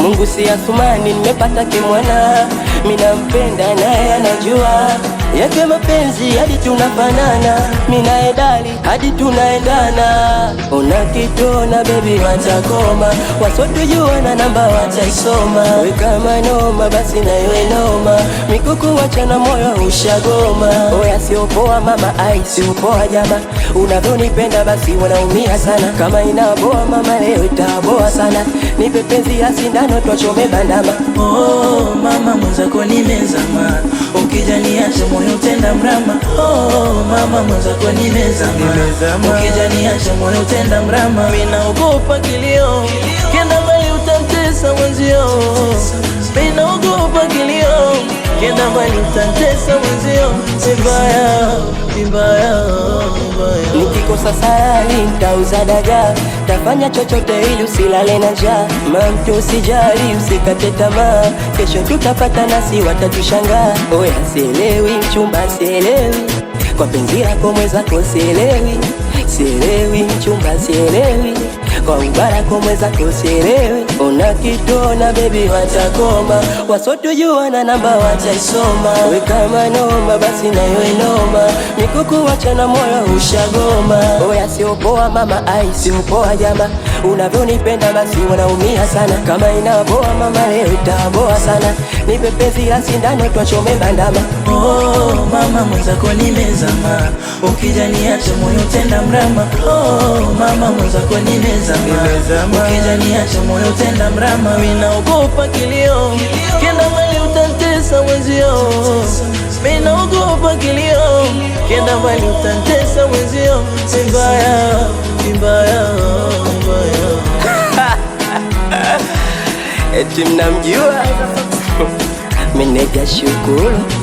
Mungu si Athumani, nimepata kimwana, minampenda naye anajua yake mapenzi hadi tunafanana, minaedali hadi tunaendana. Unakitona bebi, watakoma wasotujua na namba wataisoma. We kama noma, basi nawe noma, mikuku wacha na moyo ushagoma sio poa mama, ai sio poa jama, unavyonipenda basi wanaumia sana, kama inaboa mama leo itaboa sana, nipe penzi ya sindano twachome bandama. Oh mama mwenzako nimezama, ukijaniacha moyo utenda mrama. Oh mama mwenzako nimezama, ukijaniacha moyo utenda mrama, mimi naogopa kilio, kilio. Kenda mbali mtantesa mwenzio, vibaya vibaya. Nikikosa sayari nitauza dagaa, tafanya chochote ili usilale na njaa. Mamtu usijali, usikate tamaa, kesho tutapata nasi watatushangaa. Oya sielewi, mchumba sielewi, kwa penzi mweza mwenzako sielewi, sielewi mchumba sielewi kwa ubarako mweza kusielewe, una kitona bebi watakoma, wasotujua na namba wataisoma, we kama noma basi nawe noma, mikuku wacha na moyo ushagoma, oya siopoa mama ai siopoa jama unavyonipenda basi wanaumia sana, kama inaboa mama leo itaboa sana, nipe penzi la sindano twachome bandama. Oh, mama mwenzako nimezama, ukijaniacha moyo tenda mrama. Oh, mama mwenzako nimezama, ukijaniacha moyo tenda mrama. Mimi naogopa kilio, kenda mali utantesa mwenzio, mimi naogopa kilio, kenda mali utantesa mwenzio, sibaya eti mnamjua. Mimi nigashukuru